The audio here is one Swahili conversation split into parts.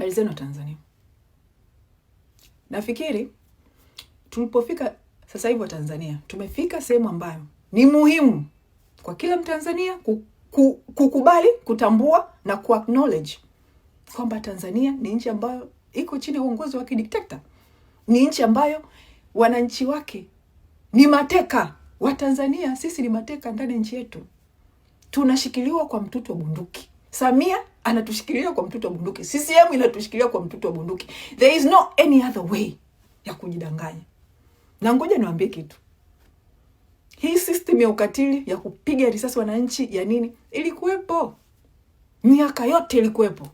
Habari zenu Tanzania. Nafikiri tulipofika sasa hivi Tanzania tumefika sehemu ambayo ni muhimu kwa kila Mtanzania kukubali, kutambua na acknowledge kwamba Tanzania ni nchi ambayo iko chini ya uongozi wa kidikteta, ni nchi ambayo wananchi wake ni mateka. wa tanzania sisi ni mateka ndani ya nchi yetu, tunashikiliwa kwa mtutu wa bunduki. Samia anatushikilia kwa mtutu wa bunduki. CCM inatushikilia kwa mtutu wa bunduki. There is no any other way ya kujidanganya. Na ngoja niwaambie kitu, hii system ya ukatili ya kupiga risasi wananchi ya nini ilikuwepo miaka yote, ilikuwepo.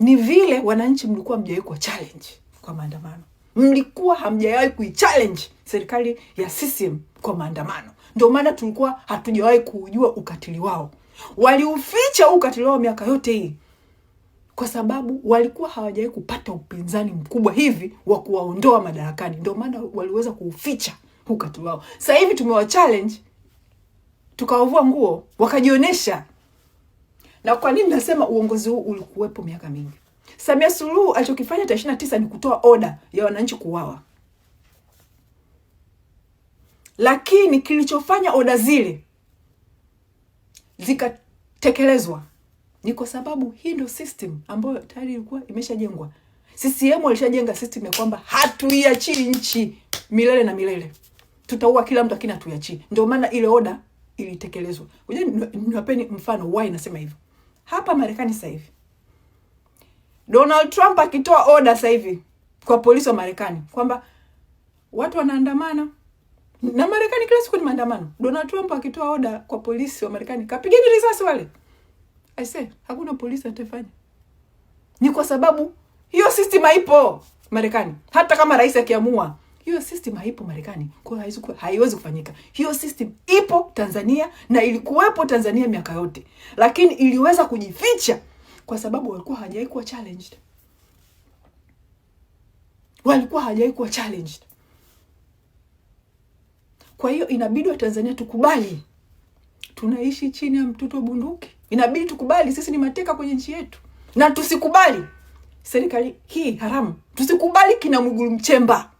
Ni vile wananchi mlikuwa mjawahi kwa challenge kwa maandamano, mlikuwa hamjawahi kuichallenge serikali ya CCM kwa maandamano, ndio maana tulikuwa hatujawahi kujua ukatili wao. Waliuficha huu ukatili wao miaka yote hii kwa sababu walikuwa hawajawahi kupata upinzani mkubwa hivi wa kuwaondoa madarakani, ndio maana waliweza kuuficha huu ukatili wao. Sasa hivi tumewa challenge tukawavua nguo wakajionyesha. Na kwa nini nasema uongozi huu ulikuwepo miaka mingi? Samia Suluhu alichokifanya tarehe ishirini na tisa ni kutoa oda ya wananchi kuwawa lakini kilichofanya oda zile zikatekelezwa ni kwa sababu hii ndio system ambayo tayari ilikuwa imeshajengwa. CCM alishajenga system ya kwamba hatuiachii nchi milele na milele, tutaua kila mtu, lakini hatuiachii. Ndio maana ile oda ilitekelezwa. Niwapeni mfano why nasema hivyo. Hapa Marekani sasa hivi Donald Trump akitoa oda sasa hivi kwa polisi wa Marekani kwamba watu wanaandamana na Marekani kila siku ni maandamano. Donald Trump akitoa oda kwa polisi wa Marekani, kapigeni risasi wale, I say hakuna polisi atafanya. Ni kwa sababu hiyo system haipo Marekani. Hata kama rais akiamua, hiyo system haipo Marekani, kwa hiyo haiwezi kufanyika. Hiyo system ipo Tanzania na ilikuwepo Tanzania miaka yote, lakini iliweza kujificha kwa sababu walikuwa hawajawahi kuwa challenged, walikuwa hawajawahi kuwa challenged kwa hiyo inabidi Watanzania tukubali tunaishi chini ya mtoto bunduki, inabidi tukubali sisi ni mateka kwenye nchi yetu, na tusikubali serikali hii haramu, tusikubali kina Mwigulu mchemba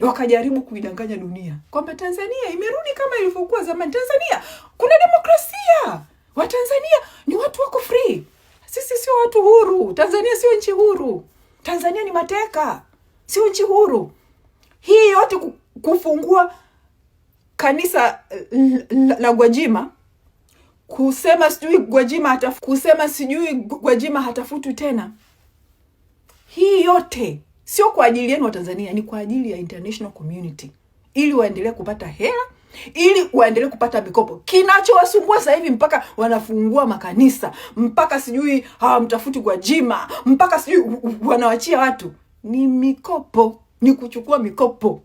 wakajaribu kuidanganya dunia kwamba Tanzania imerudi kama ilivyokuwa zamani, Tanzania kuna demokrasia, Watanzania ni watu wako free. Sisi sio watu huru, Tanzania sio nchi huru, Tanzania ni mateka, sio nchi huru. Hii yote kufungua kanisa eh, la Gwajima kusema sijui Gwajima hataf, kusema sijui Gwajima hatafutwi tena. Hii yote sio kwa ajili yenu wa Tanzania, ni kwa ajili ya international community, ili waendelee kupata hela, ili waendelee kupata mikopo. Kinachowasumbua sasa hivi mpaka wanafungua makanisa, mpaka sijui hawamtafuti Gwajima, mpaka sijui wanawachia watu, ni mikopo, ni kuchukua mikopo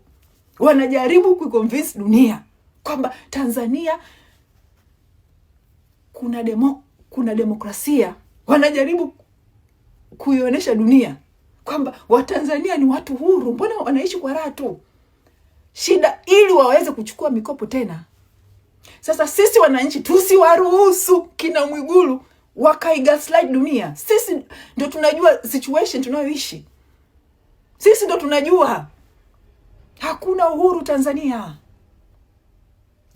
wanajaribu kuiconvince dunia kwamba Tanzania kuna demo, kuna demokrasia. Wanajaribu kuionyesha dunia kwamba Watanzania ni watu huru, mbona wanaishi kwa raha tu, shida ili waweze kuchukua mikopo tena. Sasa sisi wananchi tusiwaruhusu kina Mwigulu wakaigaslight dunia. Sisi ndo tunajua situation tunayoishi, sisi ndo tunajua Hakuna uhuru Tanzania,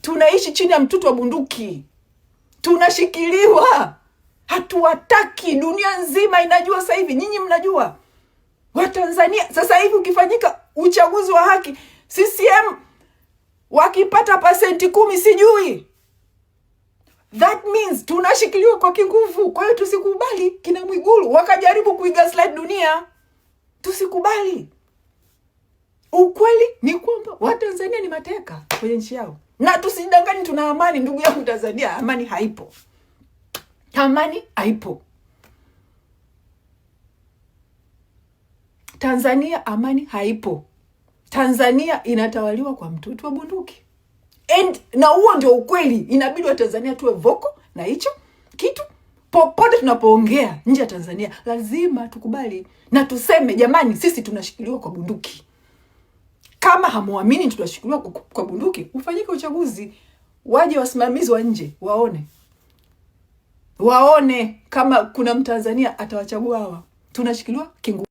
tunaishi chini ya mtutu wa bunduki, tunashikiliwa, hatuwataki. Dunia nzima inajua sasa hivi, nyinyi mnajua Watanzania. Sasa hivi ukifanyika uchaguzi wa haki, CCM wakipata pasenti kumi sijui That means tunashikiliwa kwa kinguvu. Kwa hiyo tusikubali, kina Mwigulu wakajaribu kuigaslight dunia, tusikubali. Ukweli ni kwamba Watanzania ni mateka kwenye nchi yao, na tusidangani, tuna amani. Ndugu yangu Tanzania, amani haipo, amani haipo Tanzania, amani haipo. Tanzania inatawaliwa kwa mtutu wa bunduki and, na huo ndio ukweli. Inabidi Watanzania tuwe voko na hicho kitu popote tunapoongea nje ya Tanzania lazima tukubali na tuseme, jamani, sisi tunashikiliwa kwa bunduki kama hamwamini tutashukuliwa kwa bunduki, ufanyike uchaguzi, waje wasimamizi wa nje waone, waone kama kuna mtanzania atawachagua hawa. Tunashikiliwa kingu